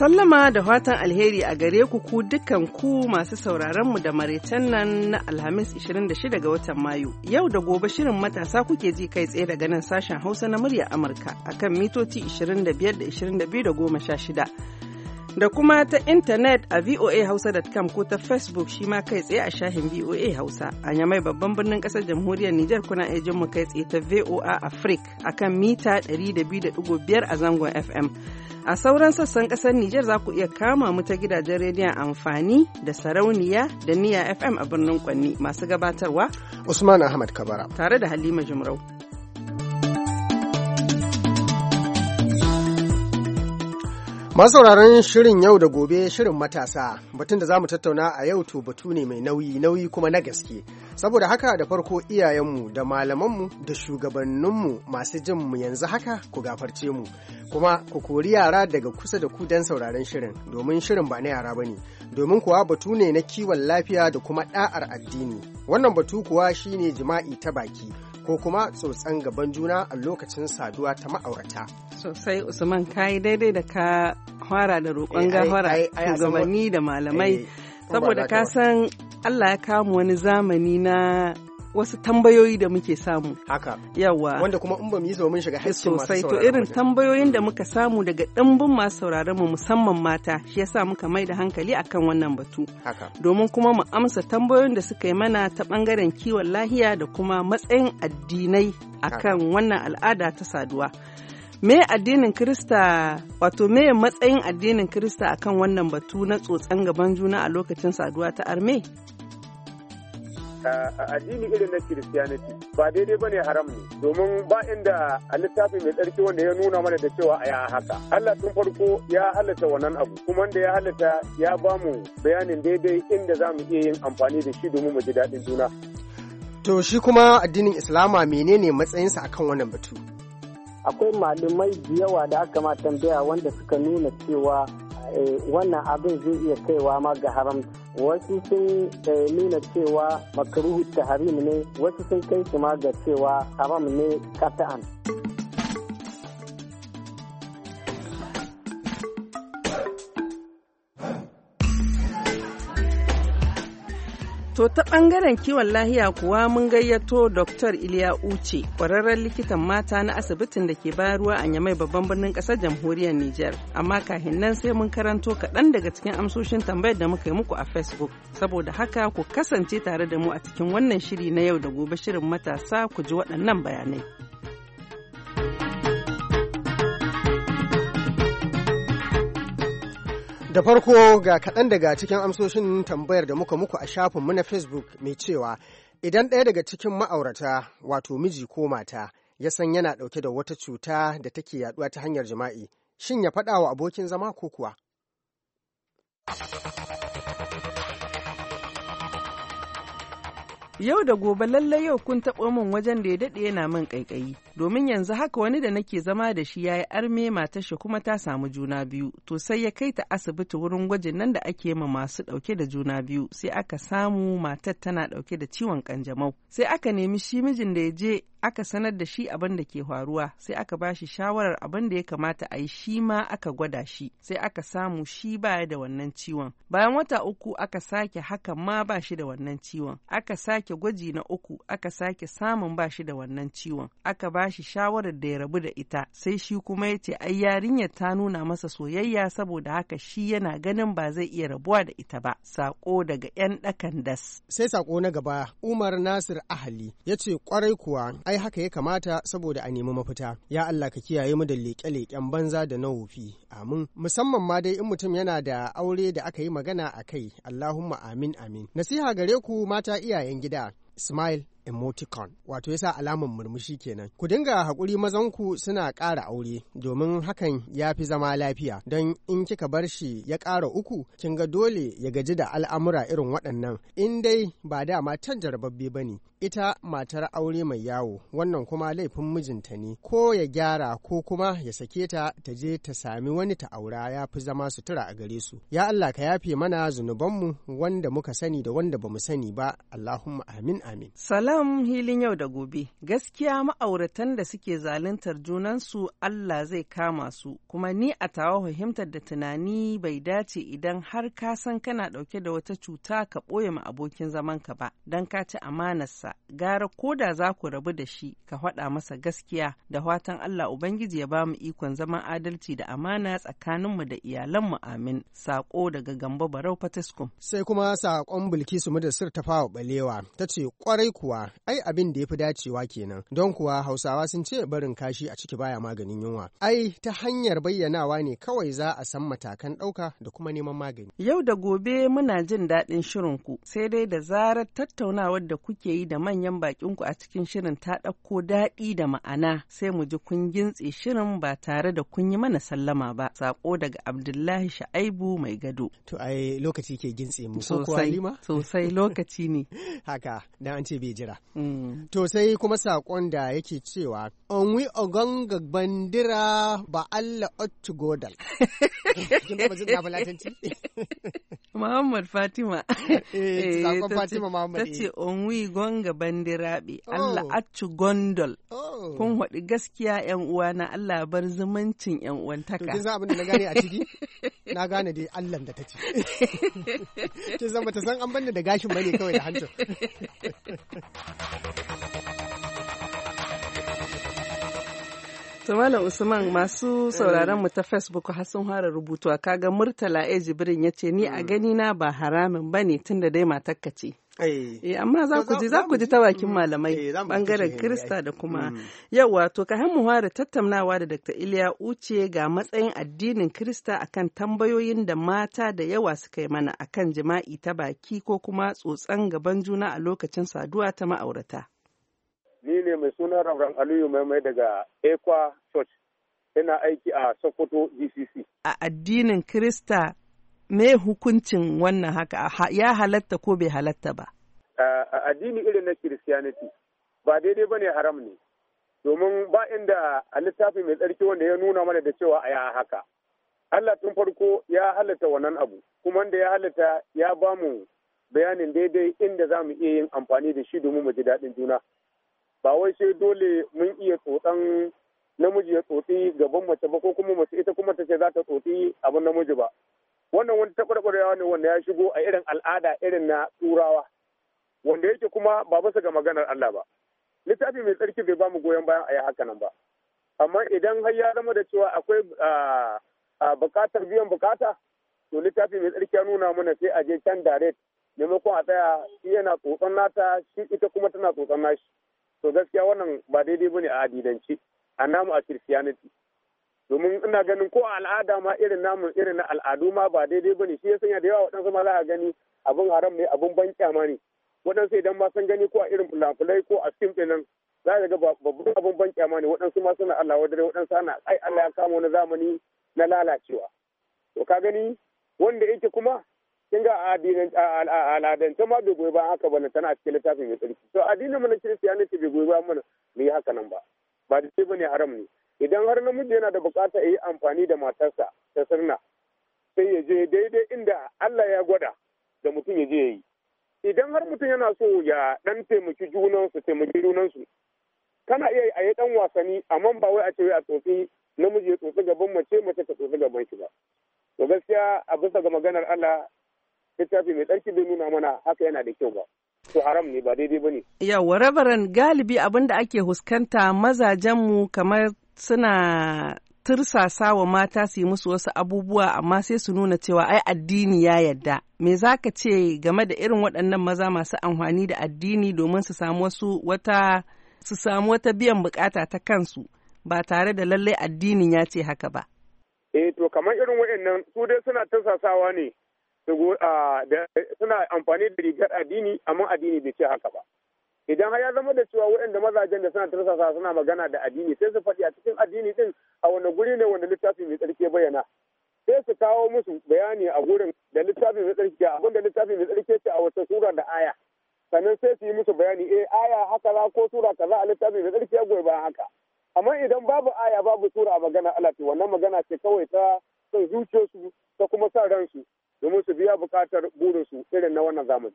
Sallama da fatan alheri a gare ku ku dukkan ku masu sauraron mu da maraicen nan na Alhamis 26 ga watan Mayu. Yau da gobe shirin matasa kuke ji kai tsaye daga nan sashen Hausa na murya Amurka akan mitoci 25 da 22 da da kuma ta intanet a voahausa.com ko ta facebook shi ma kai tsaye a shahin voa hausa a yamai babban birnin kasar jamhuriyar nijar kuna iya jin mu kai tsaye ta voa africa kan mita biyar a zangon fm a sauran sassan kasar nijar za ku iya kama mu ta gidajen rediyon amfani da sarauniya da niya fm a birnin kwanni masu gabatarwa usman ahmad kabara tare da halima jimrau sauraron shirin yau da gobe shirin matasa batun da za mu tattauna a yau to batu ne mai nauyi nauyi kuma na gaske saboda haka da farko iyayenmu da malamanmu da shugabanninmu masu jin mu yanzu haka ku gafarce mu kuma ku kori yara daga kusa da ku don sauraron shirin domin shirin ba na yara ba ne, domin kuwa batu ne na kiwon lafiya da kuma da'ar addini wannan batu kuwa shine jima'i ta baki ko kuma tsotsan gaban juna a lokacin saduwa ta ma'aurata. Sosai Usman kayi daidai da ka fara da roƙon eh, gafara shugabanni da malamai eh, saboda ka san Allah ya kama wani zamani na wasu tambayoyi da muke samu. Haka. Yawa. Wanda kuma in ba mu yi mun shiga haƙƙin sosai to irin tambayoyin da muka samu daga ɗimbin masu sauraron mu musamman mata shi yasa muka mai da hankali akan wannan batu. Haka. Domin kuma mu amsa tambayoyin da suka yi mana ta ɓangaren kiwon lahiya da kuma matsayin addinai akan wannan al'ada ta saduwa. me addinin Kirista wato me matsayin addinin Kirista akan wannan batu na tsotsan gaban juna a lokacin saduwa ta arme? a addini irin na kiristiyaniti ba daidai ba ne haram ne domin ba inda a littafi mai tsarki wanda ya nuna mana da cewa a ya haka Allah tun farko ya halatta wannan abu kuma da ya halatta ya ba mu bayanin daidai inda za mu iya yin amfani da shi domin mu ji daɗin juna. To shi kuma addinin Islama menene matsayinsa akan wannan batu? Akwai malumai da yawa da aka ma tambaya wanda suka nuna cewa Eh, wannan abin zai iya kaiwa ma ga haram wasu sun eh, nuna cewa makaruhu ta harim ne wasu sun kai shi ma ga cewa haram ne kata'an. To ta ɓangaren kiwon lahiya kuwa mun gayyato Dr. Iliya Uce, ƙwararren likitan mata na asibitin da ke bayarwa a Nyamai babban birnin ƙasar jamhuriyar Nijar. Amma kahin nan sai mun karanto kaɗan daga cikin amsoshin tambayar da muka yi muku a Facebook. Saboda haka ku kasance tare da mu a cikin wannan shiri na yau da gobe shirin matasa ku ji waɗannan bayanai. Da farko ga kaɗan daga cikin amsoshin tambayar da muka muku a shafinmu na Facebook mai cewa idan ɗaya daga cikin ma'aurata wato miji ko mata ya san yana ɗauke da wata cuta da take yaɗuwa ta hanyar jima'i, shin ya faɗa wa abokin zama ko kuwa? Yau da gobe lallai yau kun taɓo min wajen da ya daɗe yana min ƙaiƙayi. Domin yanzu haka wani da nake zama da shi ya yi arme matar shi kuma ta samu juna biyu. To sai ya kai ta asibiti wurin gwajin nan da ake ma masu ɗauke da juna biyu. Sai aka samu matar tana ɗauke da ciwon ƙanjamau. Sai aka nemi shi mijin da ya je aka sanar da shi abin da ke faruwa sai aka ba shi shawarar abin da ya kamata a yi shi ma aka gwada shi sai aka samu shi baya da wannan ciwon bayan wata uku aka sake haka ma ba shi da wannan ciwon aka sake gwaji na uku aka sake samun ba shi da wannan ciwon aka ba shi shawarar da ya rabu da ita sai shi kuma ya ce ai yarinyar ta nuna masa soyayya saboda haka shi yana ganin ba zai iya rabuwa da ita ba sako daga yan dakan das sai sako na gaba umar nasir ahali ya ce kwarai kuwa ai haka ya kamata saboda a nemi mafita ya Allah ka kiyaye mu da leƙe-leƙen banza da na wofi amin musamman ma dai in mutum yana da aure da aka yi magana a kai Allahumma amin amin nasiha gare ku mata iyayen gida smile emoticon wato yasa alamun murmushi kenan ku dinga haƙuri mazanku suna ƙara aure domin hakan ya fi zama lafiya don in kika bar shi ya ƙara uku kin ga dole ya gaji da al'amura irin waɗannan in dai ba da matan jarababbe ba ne ita matar aure mai yawo wannan kuma laifin mijinta ne ko ya gyara ko kuma ya sake ta ta je ta sami wani ta aura ya fi zama sutura a gare su ya Allah ka yafe mana zunubanmu wanda muka sani da wanda bamu sani ba Allahumma amin amin salam hilin yau da gobe gaskiya ma'auratan da suke zaluntar junansu Allah zai kama su kuma ni a tawa fahimtar da tunani bai dace idan har ka san kana dauke da wata cuta ka boye ma abokin zamanka ba dan ka ci amanarsa masa gara ko da za ku rabu da shi ka faɗa masa gaskiya da fatan Allah Ubangiji ya bamu ikon zaman adalci da amana tsakaninmu da iyalanmu amin. Sako daga Gambo Barau Fataskum. Sai kuma sakon Bilkisu sir ta fawa balewa ta ce kwarai kuwa ai abin da ya fi dacewa kenan don kuwa Hausawa sun ce barin kashi a ciki baya maganin yunwa. Ai ta hanyar bayyanawa ne kawai za a san matakan ɗauka da kuma neman magani. Yau da gobe muna jin daɗin shirinku sai dai da zarar tattaunawar da kuke yi da manyan bakinku a cikin shirin ta ɗauko daɗi da ma'ana sai mu ji kun gintse shirin ba tare da kun yi mana sallama ba. Sako daga Abdullahi Sha'aibu mai gado. To ai lokaci ke gintse mu ko kuwa Halima? Sosai lokaci ne. Haka dan an ce bai jira. Mm. To sai kuma sakon da yake cewa wi ogonga bandira ba Allah otu godal. Muhammad Fatima. Eh, sakon eh, Fatima Muhammad. Tace eh. wi gonga ga bandiraɓe oh. Allah acci gondol. Oh. Kun haɗi gaskiya ‘yan uwa na Allah bar zumuncin ‘yan uwantaka. kin san abin da na gane a ciki? Na gane dai Allah da ta Kin san bata san an banda da gashin bane kawai da hancin. Tumala Usman masu eh. sauraron mu ta Facebook har sun fara rubutuwa kaga Murtala Ejibrin Jibrin ya ce ni a mm. gani na ba haramin bane tunda dai matakka ce. Eh. eh amma za ku ji za ku ji ta mm, malamai bangaren eh, Krista da kuma mm. yau wato ka mu fara tattaunawa da Dr. Iliya Uce ga matsayin addinin Krista akan tambayoyin da mata da yawa suka yi mana akan jima'i ta baki ko kuma tsotsan gaban juna a lokacin saduwa ta ma'aurata. Ni ne mai suna Rabran Aliyu Maimai daga Ekwa Church. Ina aiki a Sokoto GCC. A addinin Krista me hukuncin wannan haka ya halatta ko bai halatta ba a addini irin na kiristiyaniti ba daidai ba ne haram ne domin ba inda a littafi mai tsarki wanda ya nuna mana da cewa a ya haka Allah tun farko ya halatta wannan abu kuma da ya halatta ya ba mu bayanin daidai inda za mu iya yin amfani da shi domin mu ji daɗin juna ba wai sai dole mun iya tsotsan namiji ya tsotsi gaban mace ba ko kuma mace ita kuma ta ce za ta tsotsi abin namiji ba wannan wani taɓarɓarewa ne wanda ya shigo a irin al'ada irin na turawa wanda yake kuma ba bisa ga maganar Allah ba littafi mai tsarki bai bamu goyon bayan a yi haka nan ba amma idan har ya zama da cewa akwai bukatar biyan bukata to littafi mai tsarki ya nuna mana sai a je can direct maimakon a tsaya shi yana tsotson nata shi ita kuma tana tsotson nashi to gaskiya wannan ba daidai bane a adidanci a namu a christianity. domin ina ganin ko a al'ada ma irin namun irin na al'adu ma ba daidai ne shi ya sanya da yawa waɗansu ma za a gani abin haram ne abin ban kyama ne waɗansu idan ma sun gani ko a irin fulafulai ko a cikin ɗinan za a ga babban abin ban kyama ne waɗansu ma suna Allah wadare waɗansu ana ai Allah ya kama wani zamani na lalacewa to ka gani wanda yake kuma kin ga ta ma bai goyi ba haka ba tana cikin littafin mai tsarki to addinin mu na kiristiyanci bai goyi ba mana mu yi haka nan ba ba da sai bane haram ne idan har namiji yana da bukata yi amfani da matarsa ta sirna sai ya je daidai inda Allah ya gwada da mutum ya je ya yi idan har mutum yana so ya dan taimaki junansu taimaki junansu kana iya a yi dan wasanni amma ba wai a ce a tsofi namiji ya tsofi gaban mace mace ta tsofi gaban shi ba to gaskiya a bisa ga maganar Allah littafi mai tsarki bai nuna mana haka yana da kyau ba to haram ne ba daidai bane yawa rabaran galibi abin da ake huskanta mazajenmu kamar suna tursasa wa mata su yi musu wasu abubuwa amma sai su nuna cewa ai addini ya yadda me za ka ce game da irin waɗannan maza masu amfani da addini domin su samu wasu wata su samu wata biyan bukata ta kansu ba tare da lallai addinin ya ce haka ba eh to kamar irin waɗannan su dai suna tursasawa ne ah, suna amfani da rigar addini amma addini bai ce haka ba idan har ya zama da cewa waɗanda mazajen da suna tarsasa suna magana da addini sai su faɗi a cikin addini din a wani guri ne wanda littafin mai tsarki bayyana sai su kawo musu bayani a gurin da littafin mai tsarki abin da littafin mai tsarki ce a wata sura da aya sannan sai su yi musu bayani eh aya haka za ko sura kaza a littafin mai tsarki ya goyi bayan haka amma idan babu aya babu sura a magana Allah to wannan magana ce kawai ta son zuciyarsu ta kuma sa ransu domin su biya bukatar burinsu irin na wannan zamani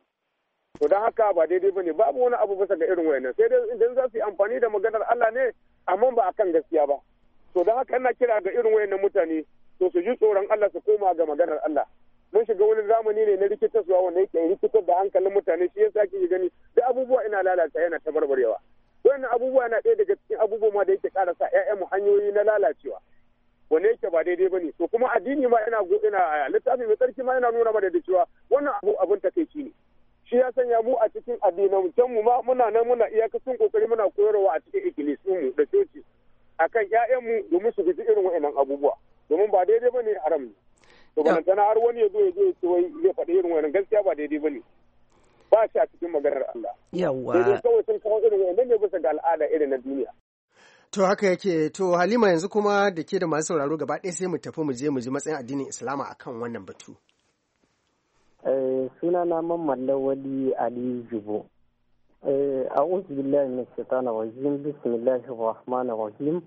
to don haka ba daidai ba ne babu wani abu bisa ga irin wayannan sai dai idan za su yi amfani da maganar Allah ne amma ba akan gaskiya ba to don haka ina kira ga irin wayannan mutane to su ji tsoron Allah su koma ga maganar Allah mun shiga wani zamani ne na rikitarwa wanda yake rikitar da hankalin mutane shi yasa kike gani da abubuwa ina lalata yana tabarbarewa wannan abubuwa na ɗaya daga cikin abubuwa ma da yake ƙara sa mu hanyoyi na lalacewa wanda yake ba daidai ba ne to kuma addini ma yana go ina littafi mai tsarki ma yana nuna mana da cewa wannan abu abin takeici ne shi ya sanya mu a cikin addinancen mu ma muna nan muna iyakacin kokari muna koyarwa a cikin ikilisi mu da coci akan ƴaƴan mu domin su guji irin wa'annan abubuwa domin ba daidai bane haram ne to tana har wani ya zo ya zo ya ce wai ya faɗi irin wa'annan gaskiya ba daidai bane ba shi a cikin maganar Allah yawa sai kawai sun kawo irin wa'annan ne bisa ga al'ada irin na duniya To haka yake to Halima yanzu kuma da ke da masu sauraro gaba ɗaya sai mu tafi mu je mu ji matsayin addinin Islama akan wannan batu. Eh, suna na mamman lawali ali jubo eh, a uzu billahi min shaitana rajim bismillahi rahman rahim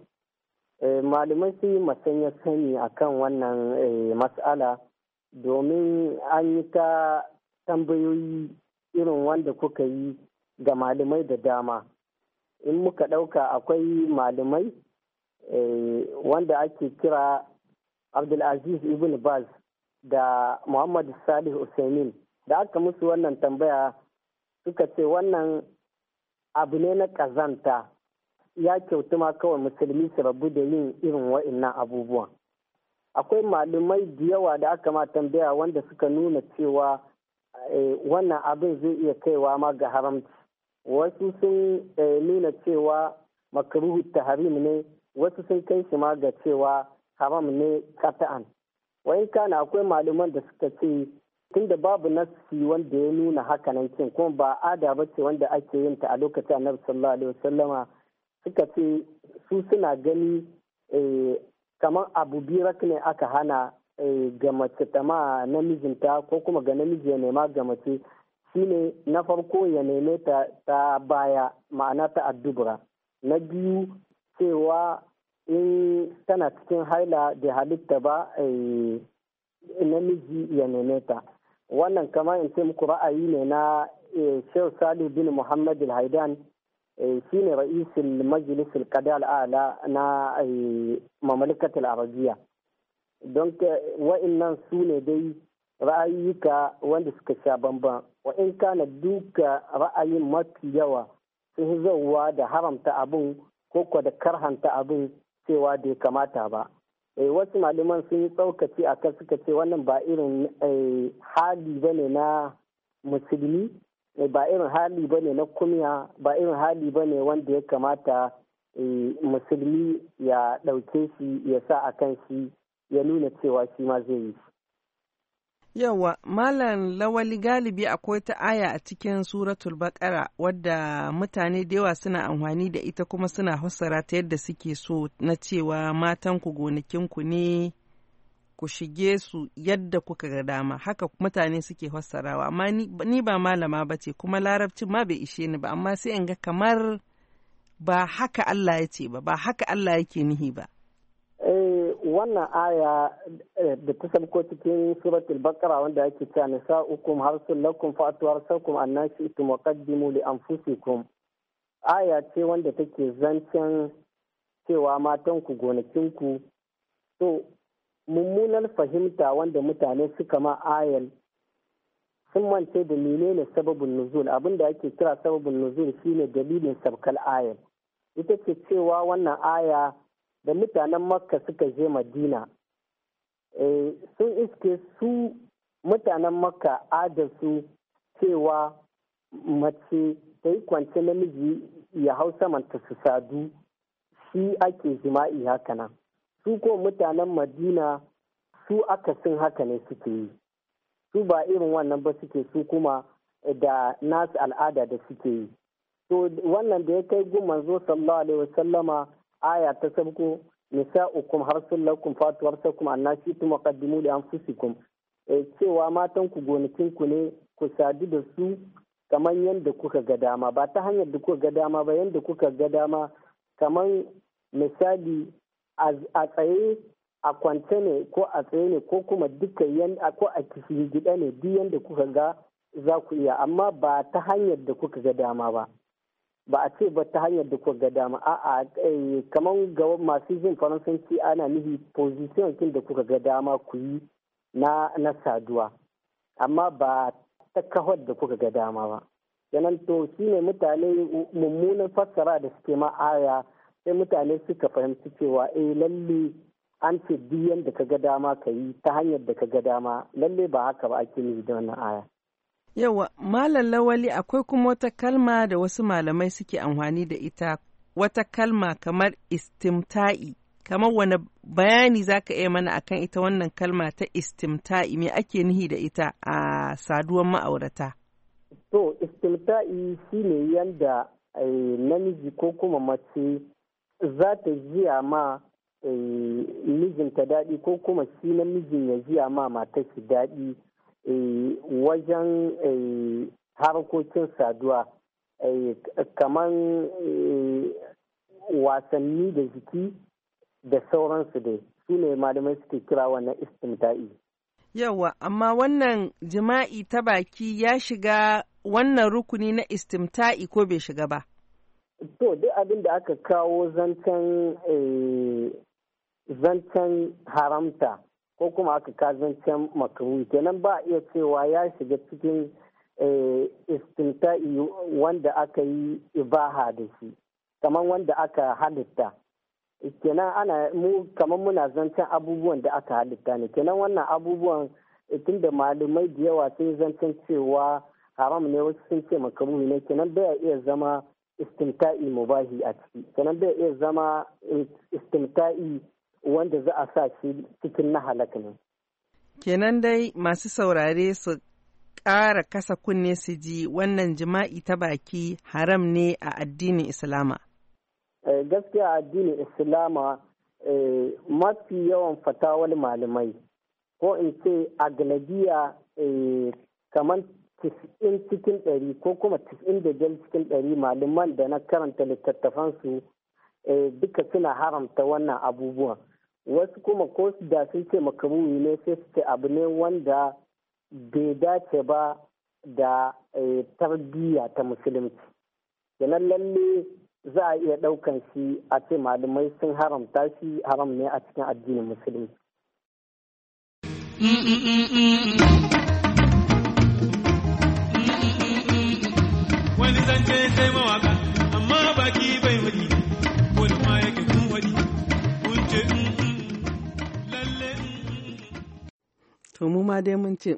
eh, malamai sun yi masanya sani kan wannan matsala domin an yi ta tambayoyi irin wanda kuka yi ga malamai da dama in muka ɗauka akwai malamai wanda ake kira abdulaziz ibn baz da muhammadu salih usaimin da aka musu wannan tambaya suka ce wannan abu ne na ƙazanta ya kyautu ma kawai musulmi su rabu da yin irin wa'innan abubuwan akwai malumai da yawa da aka ma tambaya wanda suka nuna cewa eh, wannan abin zai iya kaiwa ma ga haramci wasu sun eh, nuna cewa makaruhu ta harim ne wasu sun kai shi ma ga cewa haram ne kata'an wayan kana akwai malaman da suka ce tunda babu nassi wanda ya nuna hakanan cin kuma ba ada ba ce wanda ake yin ta a lokacin annabi sallallahu alaihi wasallama suka ce su suna gani eh, kamar abu birak ne aka hana eh, ga mace ta ma namijinta ko kuma ga namiji ya nema ga mace shine na farko ya neme ta ta baya ma'ana ta addubra na biyu cewa in tana cikin haila da halitta ba eh, namiji ya neme ta wannan kama in ce muku ra'ayi ne na eh, shehu salih bin muhammad al-haidan eh, shine ra'isul majlis al-qada ala na mamalikat al-arabiyya don wa'annan su ne dai ra'ayyuka wanda suka sha bamban wa in kana duka ra'ayin mafi yawa sun zauwa da haramta abin ko da karhanta abin cewa ya kamata ba eh, wasu malaman sun yi tsaukaci a kan suka ce wannan eh, eh, ba irin hali ba ne na musulmi ba irin hali ba ne na kumiya ba irin hali ba ne wanda ya kamata musulmi ya ɗauke shi ya sa a kan shi ya nuna cewa shi ma zai yi Yawa, Malam Lawali galibi akwai ta aya a cikin suratul bakara wadda mutane da yawa suna amfani da ita kuma suna hussara ta yadda suke so na cewa matanku gonakinku ne ku shige su yadda kuka ga dama haka mutane suke hussarawa amma ni ba malama ba ce kuma larabcin ma bai ishe ni ba amma sai in ga kamar ba haka Allah ya ce ba ba haka Allah yake nihi ba. wannan aya eh, da ta sabko cikin suratul bakara wanda ake cewa nisa'ukum harsul lakum fa'tu harsakum annashi itum waqaddimu li anfusikum aya ce wanda take zancen cewa matanku ku to mummunan fahimta wanda mutane suka ma ayal sun mance da menene sababin nuzul abin da ake kira sababin nuzul shine dalilin sabkal ayal ita ce cewa wannan aya da mutanen makka suka je madina eh, sun iske su mutanen makka adasu cewa mace ta yi kwance namiji ya hau samanta su sadu shi ake jima'i haka nan su ko mutanen madina su aka akasin haka ne suke yi su ba irin wannan ba suke su kuma da nasu al'ada da suke yi to wannan da ya kai gumanzo sallallahu alaihi wasallama aya ta sabko nisa'ukum sun lakum fatuwar sakum annasi tu muqaddimu li anfusikum cewa matan ku gonakin ku ne ku sadu da su kamar yadda kuka ga dama ba ta hanyar da kuka ga dama ba yadda kuka ga dama kamar misali a tsaye a kwance ne ko a tsaye ne ko kuma duka ko a kifin gida ne duk yadda kuka ga za ku iya amma ba ta hanyar da kuka ga dama ba ba a ce ba ta hanyar da kuwa ga dama a'a eh, kamar ga masu jin faransanci ana nihi position kin da kuka ga dama ku yi na saduwa amma ba ta kawar da kuka ga dama ba yanan to shine mutane mummunan fassara da suke ma aya sai mutane suka fahimci cewa eh lalle an ce duk da ka ga dama ka yi ta hanyar da ka ga dama lalle ba haka ba ake nufi da wannan aya Yawa, Malam Lawali akwai kuma wata kalma da wasu malamai suke amfani da ita, wata kalma kamar istimta'i. Kamar wani bayani za ka iya mana akan ita wannan kalma ta istimta'i me ake nihi da ita a saduwar ma'aurata? To, istimta'i shi ne yadda eh, namiji ko kuma mace za ta jiya ma eh, mijinta daɗi ko kuma shi namijin ya jiya ma matar shi daɗi. Eh, wajen eh, harkokin saduwa eh, kamar wasanni da jiki da sauransu dai su ne malamai suke kira wannan istimta'i. Yawa, amma wannan jima'i ta baki ya shiga wannan rukuni na istimta'i ko bai shiga ba? To, duk abin da aka kawo zancen haramta ko kuma aka kazancen makaruhi kenan ba a iya cewa ya shiga cikin eh, istinta'i wanda aka yi ibaha da shi kamar wanda aka halitta kenan ana mu kamar muna zancen abubuwan da aka halitta ne kenan wannan abubuwan tunda malumai da yawa sun zancen cewa haram ne wasu sun ce makamu ne kenan bai iya zama istinta'i mubahi a ciki kenan bai iya zama eh, istinta'i wanda za a sa shi cikin na halaka ne. Kenan dai masu saurare su ƙara kasa kunne su ji wannan jima'i ta baki haram ne a addinin Islama. Eh, gaskiya addinin Islama eh, mafi yawan fatawar malamai ko in ce a ganadiya eh, kamar tis'in cikin ɗari ko kuma tis'in da jan cikin ɗari malaman da na karanta littattafansu duka suna haramta wannan abubuwan wasu kuma ko da sun ce makaruhi ne sai su ce abu ne wanda bai dace ba da eh, tarbiyya ta musulunci kenan lalle za a iya ɗaukan shi a ce malamai sun haramta shi haram ne a cikin addinin musulunci wani zance sai mawaka amma baki bai wuri. To mu ma dai mun ce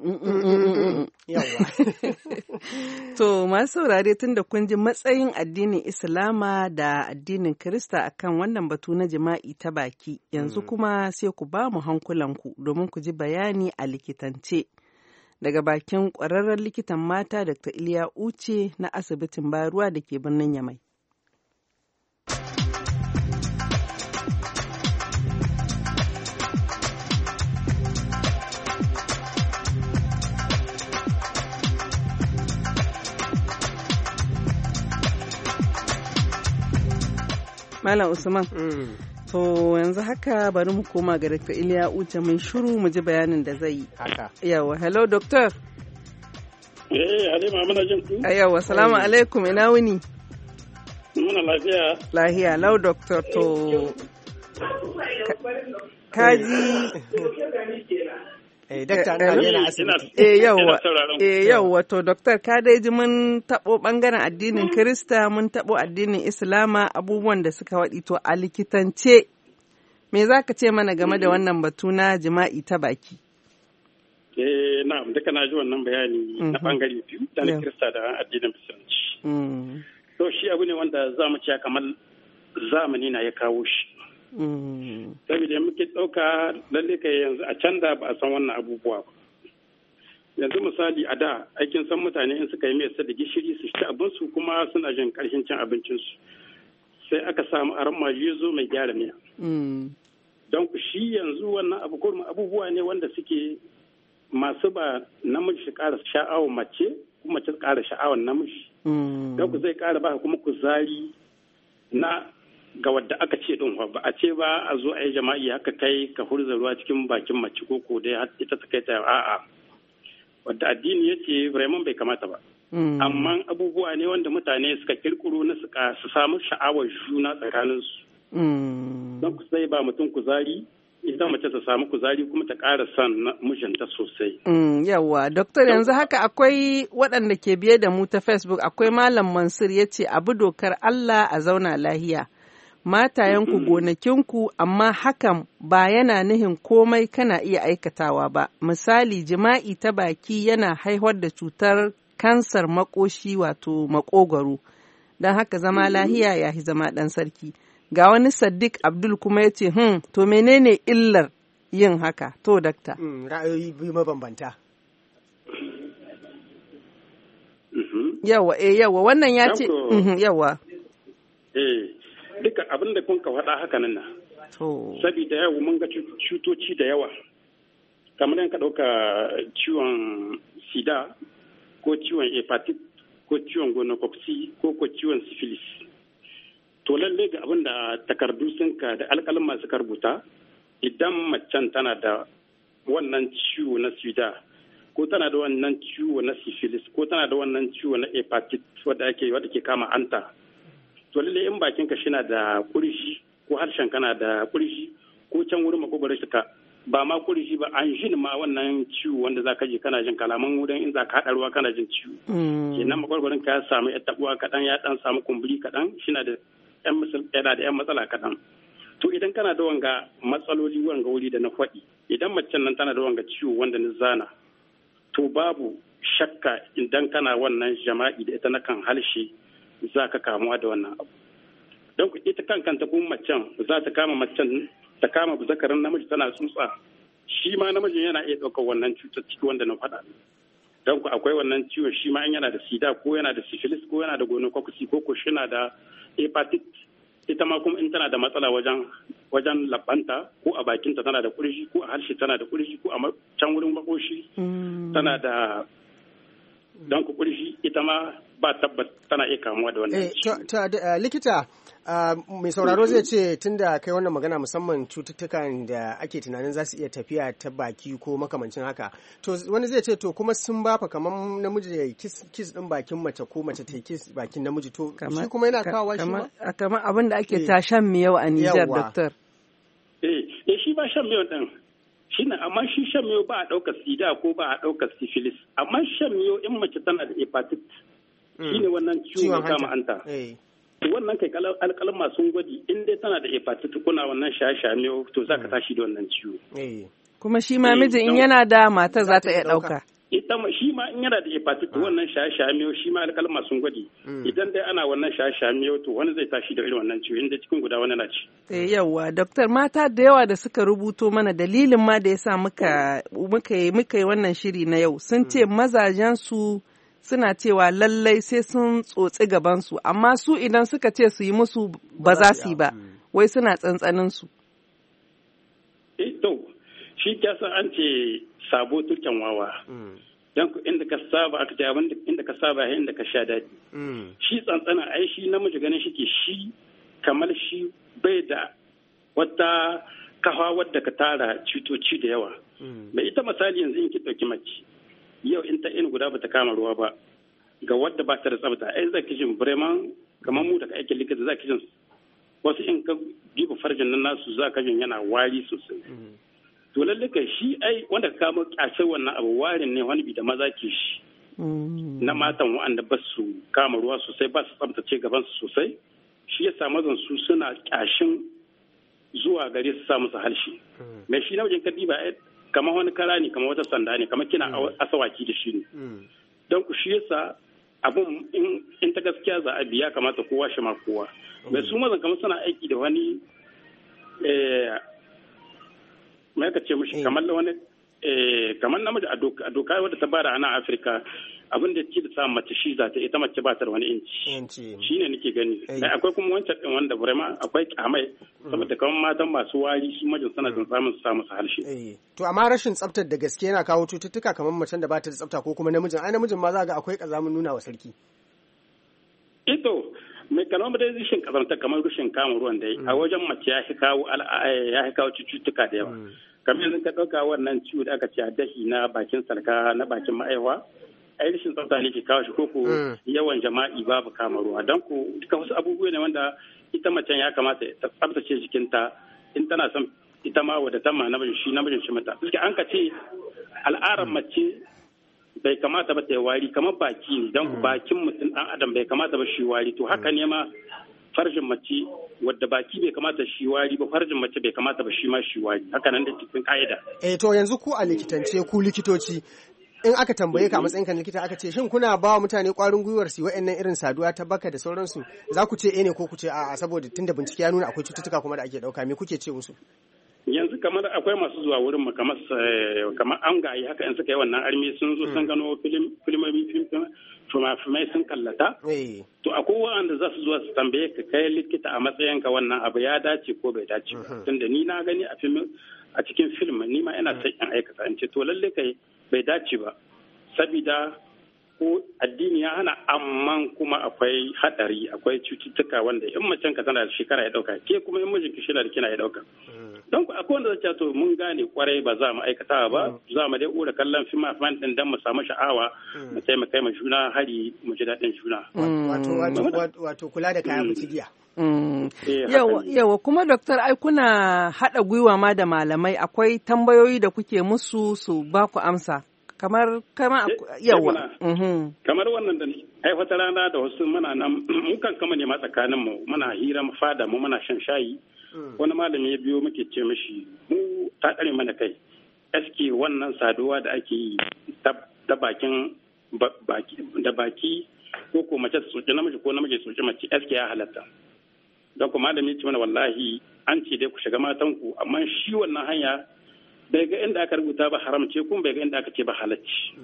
To masu saurare tun da kun ji matsayin addinin Islama da addinin Kirista akan wannan batu na jima'i ta baki yanzu mm. kuma sai ku ba mu hankulanku domin ku ji bayani a likitance. Daga bakin ƙwararren likitan mata Dr. Iliya Uce na asibitin Baruwa da ke birnin Yamai. Malam Usman. Mm. To yanzu haka bari mu koma ga Dr. Iliya Uche mai shuru mu ji bayanin da zai yi. Haka. Yawa, hello doctor. Eh, Halima muna jin ku. Ah, Yawa, salamu mm. alaikum ina wuni. Muna lafiya. Lafiya lau doctor to. Eh, Kaji. Eh, eh, dokta Dakta eh, yana asibiti. Eh, yawwa. Eh, To, Doktor, ka dai ji mun taɓo ɓangaren addinin mm. Kirista, mun taɓo addinin Islama abubuwan da suka waɗi to a likitance. Me za ka ce mana game da mm. wannan batu na jima'i ta baki? Eh, na, duka na ji wannan bayani na mhm. ɓangare biyu, da na Kirista da addinin Musulunci. Mm. To, shi abu ne wanda za mu ce kamar zamani na ya kawo shi. saboda muke ɗauka lalle kai yanzu a can da ba a san wannan abubuwa ba yanzu misali a da aikin san mutane in suka yi mai da gishiri su ci abinsu kuma suna jin karshen cin su sai aka samu aran zo mai gyara miya don ku shi yanzu wannan abu abubuwa ne wanda suke masu ba namiji su ƙara sha'awar mace kuma mace ƙara sha'awar namiji don ku zai ƙara ba kuma kuzari na ga wadda aka ce din ba a ce ba a zo a yi jama'i haka kai ka hurza ruwa cikin bakin mace ko ko dai ita ta kai ta a'a wadda addini yake ce vraiment bai kamata ba hmm. amma abubuwa ne wanda mutane suka kirkuro na su samu sha'awar juna tsakanin su hmm. don ku sai ba mutum kuzari ita mace ta samu kuzari kuma ta ƙara son mijinta sosai. Hmm, yawwa, doktor yanzu haka akwai waɗanda ke biye da mu ta Facebook akwai Malam Mansur ya ce abu dokar Allah a zauna lahiya. matayenku gonakinku amma hakan ba yana nihin komai kana iya aikatawa ba misali jima'i ta baki yana haifar da cutar kansar makoshi wato makogwaro don haka zama lahiya ya zama ɗan sarki ga wani sadiq abdul kuma ya ce hmm to menene illar yin haka to dakta mm, ra'ayoyi biyu mabambanta mm-hmm. yawa eh yawa wannan ya ce hmm, yawa eh duka abin da kun ka faɗa haka nan na. Sabida yau mun ga cutoci da yawa. Kamar yanka ɗauka ciwon sida ko ciwon hepatit ko ciwon gonococci ko ko ciwon syphilis. To lalle ga abin da takardu sun ka da alƙalin masu karbuta idan macen tana da wannan ciwo na sida ko tana da wannan ciwo na syphilis ko tana da wannan ciwo na hepatit wadda ake ke kama anta to lalle in bakin ka shina da kurji ko harshen kana da kurji ko can wurin makogoron ka ba ma kurji ba an jin ma wannan ciwo wanda zaka ji kana jin kalaman wurin in zaka haɗa ruwa kana jin ciwo mm. kenan makogoron ka samu ya tabuwa ya dan samu kumburi kadan shina da yana da yan matsala kaɗan to idan kana da wanga matsaloli wanga wuri da na faɗi idan mace nan tana da wanga ciwo wanda ni zana to babu shakka idan kana wannan jama'i da ita na kan halshe za ka kamuwa da wannan abu don ita kankanta kuma macen za ta kama macen ta kama zakarin namiji tana tsutsa shi ma namijin yana iya ɗaukar wannan cutar ciki wanda na faɗa don ku akwai wannan ciwon shi ma in yana da sida ko yana da syphilis ko yana da gonococcus ko ko shina da hepatitis ita ma kuma in tana da matsala wajen wajen labanta ko a bakinta tana da kurji ko a harshe tana da kurji ko a can wurin makoshi mm. tana da don ku kurji ita ma ba tabbas tana iya kamuwa da wannan eh, eh, likita ah, mai sauraro zai ce tunda kai wannan magana musamman cututtukan da ake tunanin za su iya tafiya ta baki ko makamancin haka to wani zai ce to kuma sun fa kamar namiji ya kis din bakin mace ko mace ta kis bakin namiji to shi kuma yana kawo shi ma kamar abin da ake eh. ta shan miyau a Nijar doctor eh shi ba shan miyau din shi ne amma shi shan miyo ba a ɗaukar sida ko ba a ɗaukar syphilis amma shan miyo in mace tana da hepatitis Mm. shine wannan ciwon kama hanta eh. wannan kai alkalin sun gwadi in dai tana da hepatitis kuna wannan shaye-shaye to za ka mm. tashi da wannan ciwo eh. kuma shi ma eh, mijin in yana da matar za ta iya ɗauka ita shi ma in yana da hepatitis ah. wannan shaye-shaye shi ma alkalin sun gwadi mm. idan dai ana wannan shaye-shaye to wani zai tashi da irin wannan ciwo inda cikin guda wani na ci eh yawa doktor mata da yawa da suka rubuto mana dalilin ma da yasa muka muka yi muka yi wannan shiri na yau sun ce mazajen su suna cewa lallai sai sun tsotsi gabansu amma su idan suka ce su yi musu ba za su yi ba wai suna tsantsanin su eh, to shi kyasa an ce sabo wawa mm. don inda ka saba aka ce abin inda ka saba ya inda ka sha daɗi mm. shi tsantsana ai shi namiji ganin shi ke shi kamar shi bai da wata kafa wadda ka tara cutoci da yawa mm. mai ita misali yanzu in ki ɗauki mace yau in ta in guda bata kama ruwa ba ga wadda ba ta da tsabta ai za jin bremen kamar mu daga aikin likita za jin wasu in ka giba farjin nan nasu za ka jin yana wari sosai to lalle shi ai wanda ka kama kyashe wannan abu warin ne wani bi da maza ke shi mm. na matan wa'anda ba su kama ruwa sosai ba su tsabtace gaban su sosai shi ya samu zan su suna kyashin zuwa gare su sa musu halshi mm. mai shi na wajen kadiba kamar wani kara ne kamar wata sanda ne kamar kina mm. asawaki da shi ne mm. don ku shi yasa abun in ta gaskiya za a biya kamata kowa shi ma kowa mm. mai su mazan kamar suna aiki da wani eh, mai ka ce mishi kamar wani eh, kamar namiji a doka wadda ta bada a nan afirka abin da ke da sa mace shi za ta ita mace ba ta da wani inci shi ne nake gani akwai kuma wancan din wanda burema akwai kyamai mm. saboda kamar matan masu wari su majin sanadin mm. samun su samu harshe to amma rashin tsaftar da gaske yana kawo cututtuka kamar macen da ba ta da tsafta ko kuma namijin ai namijin ma za ga akwai kazamin nuna wa sarki ito eh mai kalmar da rashin kazanta kamar rashin kama ruwan da mm. a wajen mace ya fi kawo eh, ya fi kawo cututtuka da yawa kamar yanzu ka ɗauka wannan ciwo da aka ce a dahi na bakin sarka na bakin ma'aiwa ainihin rashin tsafta ne ke kawo shi ko mm. yawan jama'i babu kama ruwa don ku duka wasu abubuwa ne wanda ita macen ya kamata ta tsaftace jikinta in tana son ita ma wadda ta ma namijin shi namijin shi mata suke an ka ce al'adar mm. mace bai kamata ba ta yi wari kamar baki ne don mm. bakin mutum dan adam bai kamata ba shi wari to haka ne ma farjin mace wadda baki bai kamata shi wari ba farjin mace bai kamata ba shi ma shi wari haka nan da cikin ka'ida. Eh to yanzu ku a likitance ku likitoci in aka tambaye ka a matsayin ka likita aka ce shin kuna ba mutane kwarin gwiwar su wa'annan irin saduwa ta baka da sauransu za ku ce eh ne ko ku ce a'a saboda tunda bincike ya nuna akwai cututtuka kuma da ake dauka me kuke ce musu yanzu kamar akwai masu zuwa wurin mu kamar eh, kamar an gayi haka in suka yi wannan armi sun zo sun hmm. gano film filmomi fumafumai sun kallata eh. to akwai wanda za su zuwa su tambaye ka kai likita a matsayin ka wannan abu ya dace ko bai dace ba hmm. tunda ni na gani a film a cikin film ni ma ina son in aikata in ce to lalle kai bai dace ba sabida ko addini ya hana amma kuma akwai hadari akwai cututtuka wanda in macen ka tana da shekara ya dauka ke kuma in mijin ki da kina ya dauka don ku akwai wanda zai to mun gane kwarai ba za mu aikata ba za mu dai ura kallon fim afan din dan mu samu sha'awa mu taimaka mu juna hari mu ji dadin juna mm. wato wato kula da kayan mutigiya mm. mm. eh, Yawa kuma doktor ai kuna hada gwiwa ma da malamai akwai tambayoyi da kuke musu su ba ku amsa kamar kamar eh, yawa mm-hmm. kamar wannan da ai wata rana da wasu muna nan kan kama ne ma tsakanin mu muna hira mu fada mu muna shan shayi mm. wani malami ya biyo muke ce mishi mu ta dare mana kai eske wannan saduwa da ake yi da bakin da baki ko ko mace tsoci namiji ko namiji tsoci mace eske ya halatta don kuma malami ce mana wallahi an ce dai ku shiga matanku amma shi wannan hanya bai ga inda aka rubuta ba haram ce kuma bai ga inda aka ce ba halacci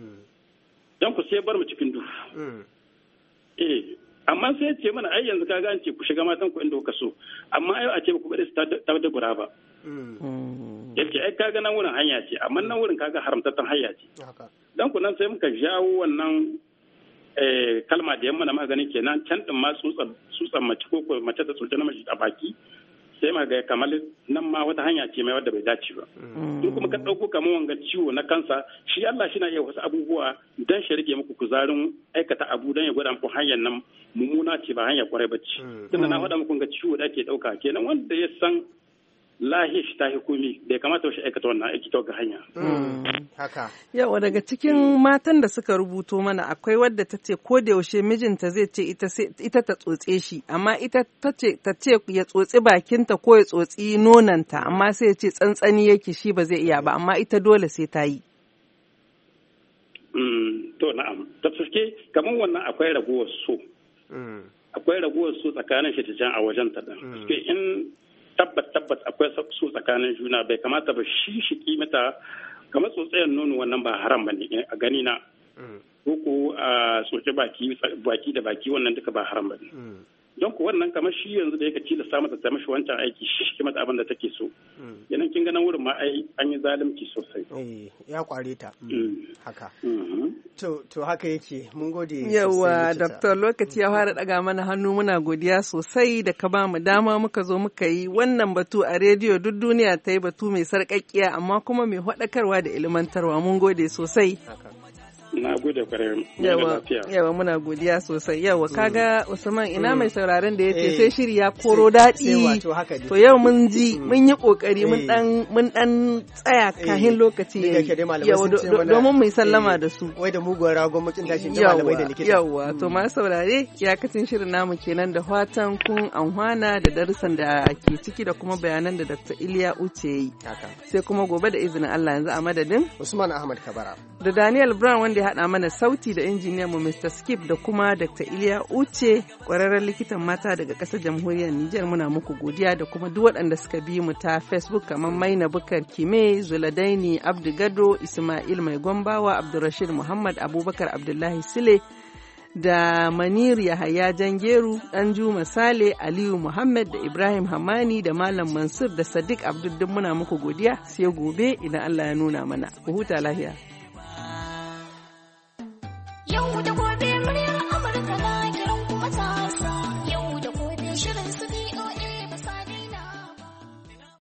don ku sai bar mu cikin duhu eh amma sai ce mana ai yanzu kaga an ce ku shiga matan ku inda kuka so amma ai a ce ku bari su ta da gura ba mm. yace ai kaga nan wurin hanya ce amma nan wurin kaga haramtattan hanya ce don ku nan sai muka jawo wannan eh, kalma da yamma na maganin kenan can din ma tsutsan mace ko mace ta da na mace a baki sai ma ga kamar nan ma wata hanya ce mai wadda bai dace ba duk mm. kuma ka ɗauko kamar wanga ciwo na kansa shi Allah shi na iya wasu abubuwa don shi rike muku kuzarin aikata abu don ya gwada muku hanyar nan mummuna ce ba hanyar kwarai ba ce mm. tunda na mm. faɗa muku ga ciwo da ake ɗauka kenan wanda ya san lahi shi hukumi da ya kamata shi aikata wannan aiki ta hanya. Hmm, haka. Yawa daga cikin matan da suka rubuto mana akwai wadda ta ce ko da yaushe mijinta zai ce ita ta tsotse shi amma ita ta ce ta ce ya tsotsi bakinta ko ya tsotsi nonanta amma sai ya ce tsantsani yake shi ba zai iya ba amma ita dole sai ta yi. Hmm, to na'am, ta fuske kamar wannan akwai raguwar so. Hmm. Akwai raguwar so tsakanin shi ta a wajen ta ɗan. In tabbas tabbas akwai su tsakanin juna bai kamata ba shi shi kimata kamar tsotsayen nono wannan ba haram ba ne eh, a gani na mm. ko ko a ah, tsoce baki da baki wannan duka ba haram ba ne mm. don ku wannan kamar shi yanzu da yake da samun ta mashi wancan aiki shi shi mata abin da take so mm. yanan kin ganin wurin ma ai an yi zalunci sosai eh, ya kware ta mm. Mm. haka mm-hmm. to haka yake mun gode yawa dr lokaci ya fara daga mana hannu muna godiya sosai da ka ba mu dama muka zo muka yi wannan batu a rediyo duk duniya ta yi batu mai sarƙaƙƙiya amma kuma mai hwadakarwa da ilmantarwa mun gode sosai haka Na gode kwarai. Yawa, yawa muna godiya sosai. Yawa, kaga mm. Usman ina mai mm. sauraron da ya ce eh. sai shiri ya koro daɗi. To yau mun ji mm. mun yi kokari mun dan eh. mun dan tsaya eh. kahin lokaci yawa domin mu sallama da su. Wai da muguwar ragon mukin tashin da malamai da likita. Yawa, to ma saurare iyakacin shirin namu kenan da fatan kun anhwana da darussan da ke ciki da kuma bayanan da Dr. Iliya Uche yi. Sai kuma gobe da izinin Allah yanzu a madadin Usman Ahmad Kabara. Da Daniel Brown wanda haɗa mana sauti da injiniyan mu Mr. Skip da kuma Dr. Iliya Uce ƙwararren likitan mata daga ƙasar jamhuriyar Nijar muna muku godiya da kuma duk waɗanda suka bi mu ta Facebook kamar Maina Bukar Kime, Zuladaini, Abdu Gado, Ismail Mai Gombawa, Abdulrashid Muhammad, Abubakar Abdullahi sule da Manir Yahaya Jangeru, Danjuma Sale, Aliyu Muhammad da Ibrahim Hamani da Malam Mansur da Sadiq Abdul muna muku godiya sai gobe idan Allah ya nuna mana. Ku huta lafiya. yau da gobe muryar